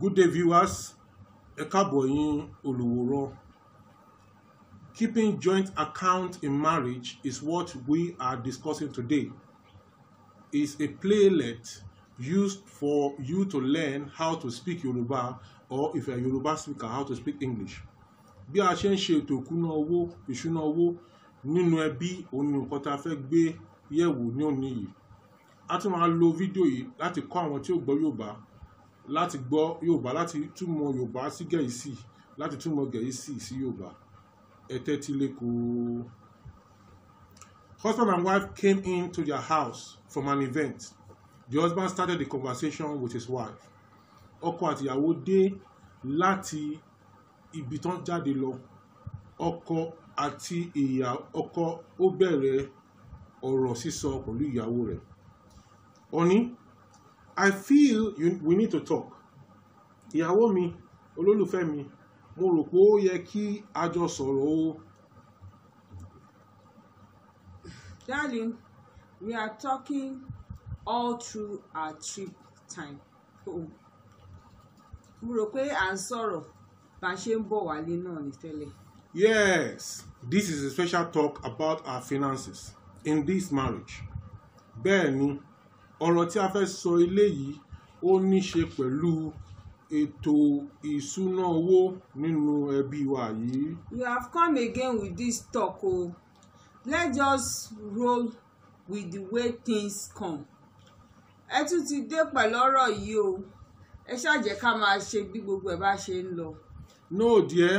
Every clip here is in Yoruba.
good day viewers ẹ káàbọ̀ yín keeping joint account in marriage is what we are discussing today is a playlet used for you to learn how to speak Yoruba or if you are Yoruba speaker how to speak English bí a ṣe ń ṣe ètò ìkúná owó ìṣúná owó nínú ẹbí òun ni nǹkan tá a fẹ́ gbé yẹ̀wò ní òní yìí a tún máa lo fídíò yìí láti kọ́ àwọn tí ó gbọ́ Yorùbá láti gbọ́ Yorùbá láti túmọ̀ Yorùbá sí Gẹ̀ẹ́sì láti túmọ̀ Gẹ̀ẹ́sì sí Yorùbá ẹ tẹ́tí lẹ́kọ̀ọ́. Husband and wife came into their house from an event. The husband started the conversation with his wife. Ọkọ àtìyàwó dé láti ibi tán jáde lọ. Ọkọ àti ìyá ọkọ ó bẹ̀rẹ̀ ọ̀rọ̀ sísọ pẹ̀lú ìyàwó rẹ̀. Ó I feel you, we need to talk ìyàwó mi olólùfẹ́ mi mo rò pé ó yẹ kí a jọ sọ̀rọ̀ o. Darling, we are talking all through our trip time home. Oh. mo rò pé à ń sọ̀rọ̀ bá ṣe ń bọ̀ wálé náà ní tẹ́lẹ̀. Yes, this is a special talk about our finances in this marriage. bẹ́ẹ̀ ni ọ̀rọ̀ tí a fẹ́ sọ ilé yìí ó ní ṣe pẹ̀lú ètò ìṣúná owó nínú ẹbí wa yìí. you have come again with this talk o oh. let's just roll with the way things come. ẹ tún ti dé pẹ̀lú ọ̀rọ̀ yìí o oh. ẹ ṣàjẹ́ ká máa ṣe bí gbogbo ẹ̀ bá ṣe ń lọ. no dear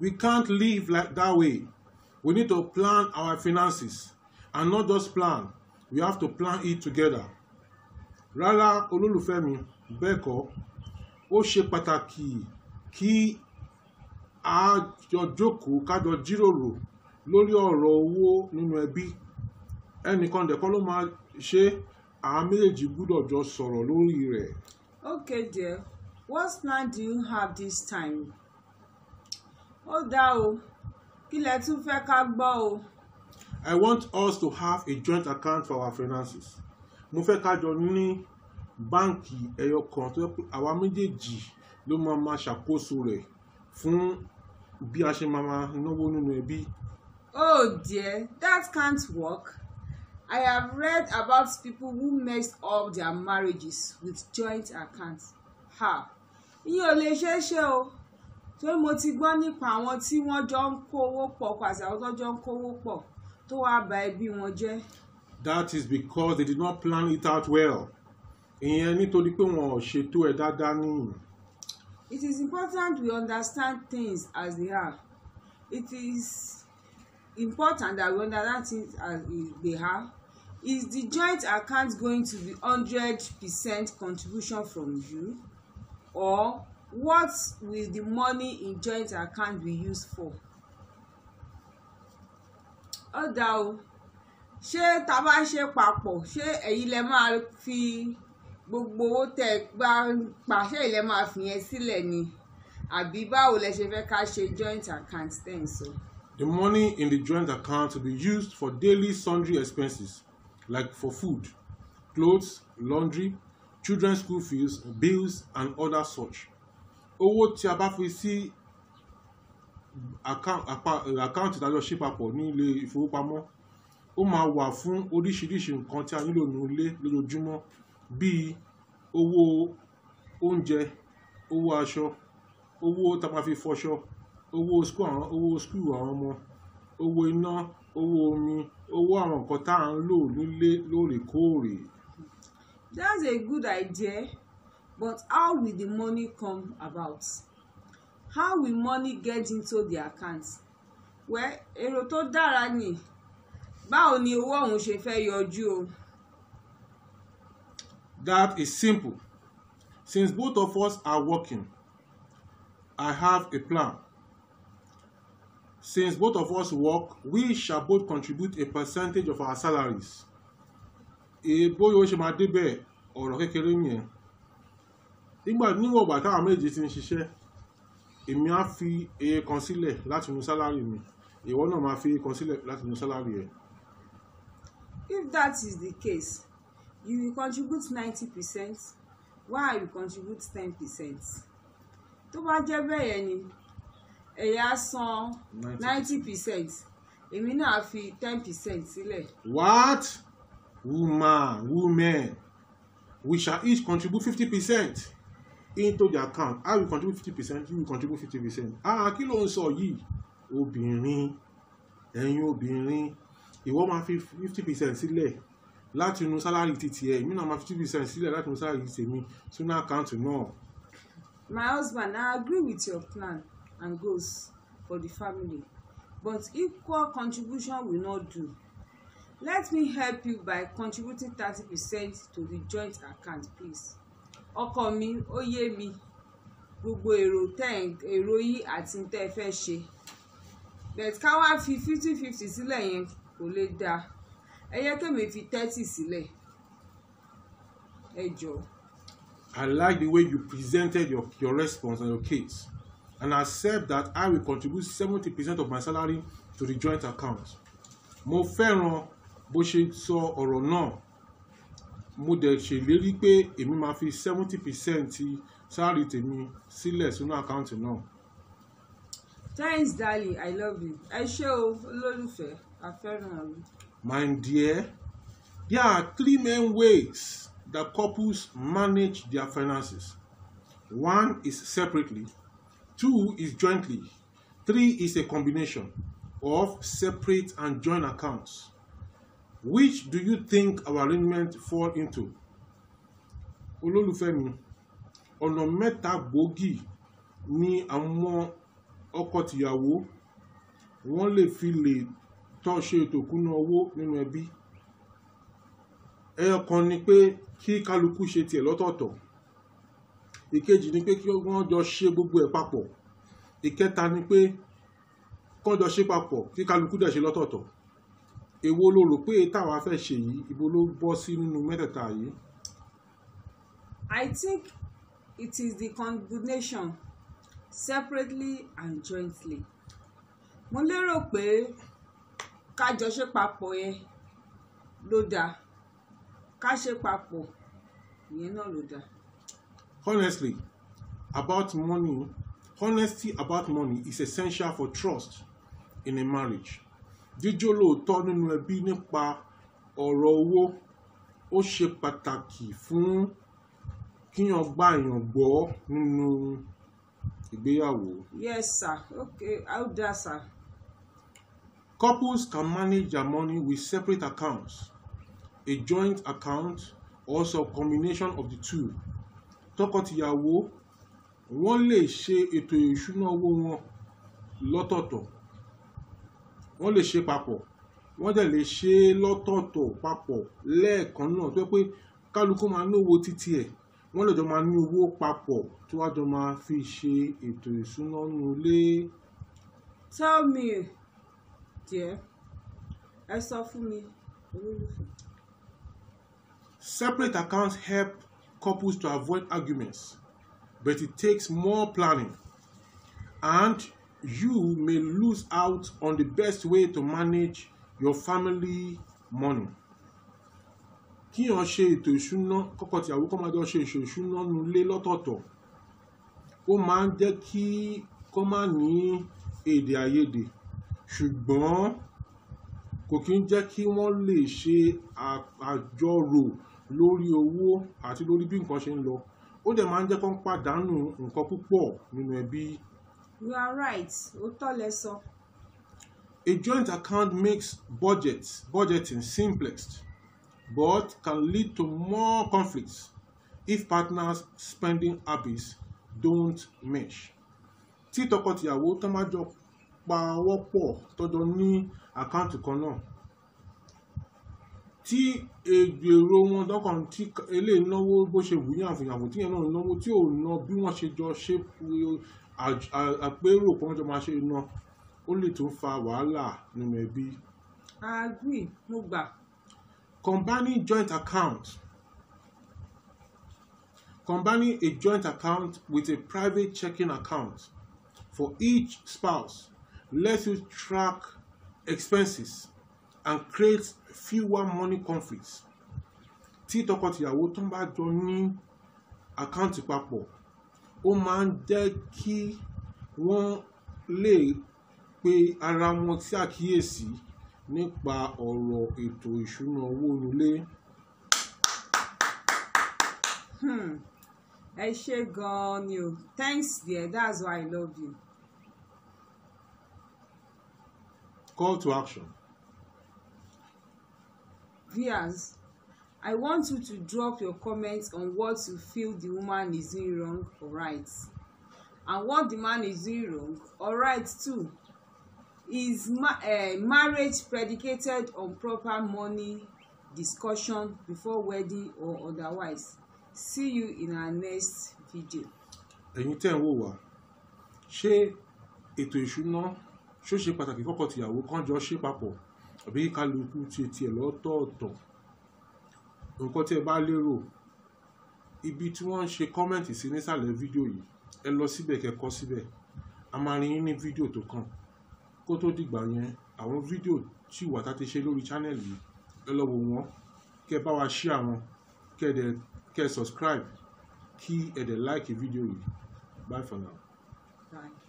we can't live like that way we need to plan our finances and not just plan we have to plan it together rárá olólùfẹ́ mi bẹ́ẹ̀ kọ́ ó ṣe pàtàkì kí a jọ jókòó ká jọ jíròrò lórí ọ̀rọ̀ owó nínú ẹbí ẹnìkan dẹ̀kọ́ ló máa ṣe àwọn méjèèjì gbúdọ̀ jọ sọ̀rọ̀ lórí rẹ̀. okay dear what plan do you have this time? ó dá o kí lẹ tún fẹ́ ká gbọ́ o. I want us to have a joint account for our finances. Mo fẹ́ ká jọ ní báǹkì ẹyọ kan tó yẹ pé àwa méjèèjì ló máa ma ṣàkóso rẹ̀ fún bí a ṣe máa ma náwó nínú ẹbí. Oh dear, that can't work. I have read about people who messed up their marriages with joint accounts. Ha! Ìyẹn ò lè ṣeé ṣe o torí mo ti gbọ́ nípa àwọn tí wọ́n jọ ń kówó pọ̀ pàṣẹ àwọn tó jọ ń kówó pọ̀ tó wá ba ẹbí wọn jẹ́. that is because they did not plan it out well. ìyẹn nítorí pé wọn ò ṣètò ẹ̀ dáadáa nìyí. it is important we understand things as they are. it is important that we understand things as they are. Is the joint account going to be hundred percent contribution from you or what will the money in joint account be used for? ó dá o ṣé tá bá ṣe papọ̀ ṣé ẹ̀yin lẹ máa fi gbogbo owó tẹ́ ẹ pa ṣé ẹ̀yin lẹ máa fi yẹn sílẹ̀ ni àbí báwo lẹ ṣe fẹ́ ká ṣe joint account ten so. The money in the joint account will be used for daily sundry expenses like for food, clothes, laundry, children's school fees, bills and other such. owó tí a bá fi sí àkáǹtì ìdájọ́ ṣe papọ̀ ní ilé ìfowópamọ́ ó máa wà fún oríṣiríṣi nǹkan tí a nílò nínú lójoojúmọ́ bíi owó oúnjẹ owó aṣọ owó tá fọṣọ owó skul àwọn ọmọ owó iná owó omi owó àwọn nǹkan tá à ń lò nílé lóòrèkóòrè. That's a good idea, but how will the money come about? how will money get into the account well èrò tó dára ni báwo ni owó ọ̀hún ṣe fẹ́ yọjú o. that is simple since both of us are working i have a plan since both of us work we shall both contribute a percentage of our salaries èèbóyè ó ṣe máa débẹ̀ ọ̀rọ̀ kékeré yẹn nígbà níwọ̀n ìgbà táwọn méjì ti ń ṣiṣẹ́ èmi á fi iye kan sílẹ̀ láti inú sálárì mi ìwọ náà máa fi iye kan sílẹ̀ láti inú sálárì ẹ̀. if that is the case you will contribute ninety percent while you contribute ten percent tó bá jẹ́ bẹ́ẹ̀ yẹn ni ẹ̀yà san ninety percent èmi náà fi ten percent sílẹ̀. what woman women we shall each contribute fifty percent into the account how you contribute fifty percent you contribute fifty percent ah kí ló ń sọ yìí obìnrin ẹ̀yin obìnrin ìwọ máa fi fifty percent sílẹ̀ láti inú sálárì títí ẹ̀ èmi náà máa fi fifty percent sílẹ̀ láti inú sálárì títí mi sínú account náà. my husband i agree with your plan and goals for the family but equal contribution will not do let me help you by contributing thirty percent to the joint account please ọkọ mi ó yé mi gbogbo èrò tẹ̀ èrò yìí àti tẹ́ fẹ́ ṣe but ká wá fi fifty fifty sílẹ̀ yẹn kò lè dáa ẹ yẹ fi thirty sílẹ̀ ẹ jọ. I like the way you presented your, your response and your case and accept that I will contribute seventy percent of my salary to the joint account. Mo fẹ́ràn bó ṣe sọ ọ̀rọ̀ náà mo dẹ̀ ṣèlérí pé èmi máa fi seventy percent sáàrì tèmi sílẹ̀ sínú àkáǹtì náà. thanks darling i love you ẹ ṣé o olólùfẹ́ afẹ́ràn mi. my dear there are three main ways that couples manage their finances one is separately two is jointly three is a combination of separate and joint accounts which do you think our arrangement fall into olólùfẹ́ mi ọ̀nà mẹ́ta gbòógì ni àwọn ọkọ tìyàwó wọ́n lè fi lè tọ́ ṣe ètò ìkúná owó nínú ẹbí ẹyọ kan ni pé kí kálukú ṣe tiẹ̀ lọ́tọ̀ọ̀tọ̀ ìkejì ni pé kí wọ́n jọ ṣe gbogbo ẹ̀ papọ̀ ìkẹta ni pé kọ́jọ ṣe papọ̀ kí kálukú dẹ̀ ṣe lọ́tọ̀ọ̀tọ̀ èwo ló rò pé táwa fẹ́ ṣe yìí ibo ló bọ́ sí nínú mẹ́tẹ̀ẹ̀ta yìí. I think it is the combination separately and jointly. mo lérò pé kájọ ṣe papọ̀ yẹn ló dáa ká ṣe papọ̀ yẹn náà ló dáa. honestly about money honesty about money is essential for trust in a marriage jíjó lóòótọ́ nínú ẹbí nípa ọ̀rọ̀ owó ó ṣe pàtàkì fún kíyàn gbà yàn gbọ́ nínú ìgbéyàwó. yes sir okay how that sir. couples can manage their money with separate accounts a joint account or some combination of the two tọkọtìyàwó wọ́n lè ṣe ètò ìṣúná owó wọn lọ́tọ̀ọ̀tọ̀ wọ́n lè ṣe papọ̀ wọ́n dẹ̀ lè ṣe lọ́tọ̀ọ̀tọ̀ papọ̀ lẹ́ẹ̀kan náà tó yẹ pé kálukú máa ní owó títí ẹ̀ wọ́n lè jọ máa ní owó papọ̀ tí wọ́n jọ máa fi ṣe ètò ìsúná nu ilé. tell me dear ẹ sọ fún mi olólùfẹ́. separate accounts help couples to avoid arguments but it takes more planning and you may lose out on the best way to manage your family money. kíyàn ṣe ètò ìṣúná kọ́kọ́ tìyàwó kọ́ máa jọ ṣe ètò ìṣúná nulé lọ́tọ̀ọ̀tọ̀ ó máa ń jẹ́ kí kọ́ máa ní èdè àìyedè ṣùgbọ́n kò kí ń jẹ́ kí wọ́n lè ṣe àjọrò lórí owó àti lórí bí nǹkan ṣe ń lọ ó dẹ̀ máa ń jẹ́ kó ń pàdánù nǹkan púpọ̀ nínú ẹbí. E You are right. Òótọ́ lẹ sọ. A joint account makes budgets, budgeting simplest, but can lead to more conflicts if partners' spending habits don't mesh. Tí tọkọ-tìyàwó tán bá jọ pa ọwọ́ pọ̀ tọ́jọ ní àkáǹtì kan náà tí èrò wọn lọ́kàn tí eléyìí náwó bó ṣe wù yàn fìyàwó tí yẹn náà náwó tí ò ná bí wọ́n ṣe jọ ṣe àpérò kan jọ máa ṣe iná ó lè tún fa wàhálà nínú ẹbí. I agree mo gbà. Combining joint account. Combining a joint account with a private checking account for each spouse lets you track expenses and creates fewer money conflicts. Tí tọkọtìyàwó tó ń bá jọ ní àkáǹtì papọ̀ ó máa ń jẹ́ kí wọ́n lè pe ara wọn ṣàkíyèsí nípa ọ̀rọ̀ ètò ìṣúnná owó nílé. Hmm. ẹ ṣé gan-an ni o thanks dear that's why i love you. call to action. vias I want you to drop your comments on what you feel the woman is doing wrong or right. And what the man is doing wrong or right too. Is ma uh, marriage predicated on proper money discussion before wedding or otherwise? See you in our next video. Ẹ̀yin tẹ́ ń wò wá, ṣé ètò ìṣúná ṣó ṣe pàtàkì kọ́kọ́ tìyàwó kan jọ ṣe papọ̀ àbí kálukú tiẹ̀ tiẹ̀ lọ́tọ̀ọ̀tọ̀? nǹkan tí ẹ bá lérò ibi tí wọ́n ń ṣe kọ́mẹ̀ntì sí nísàlẹ̀ fídíò yìí ẹ lọ síbẹ̀ kẹ́ kọ síbẹ̀ a máa rí yín ní fídíò tó kàn kó tó dìgbà yẹn àwọn fídíò tí wà tá ti ṣe lórí channel yìí ẹ lọ wò wọ́n kẹ́ bá wa share wọn kẹ́ dẹ̀ kẹ́ subscribe kí ẹ dẹ̀ like fídíò yìí bye for now. Bye.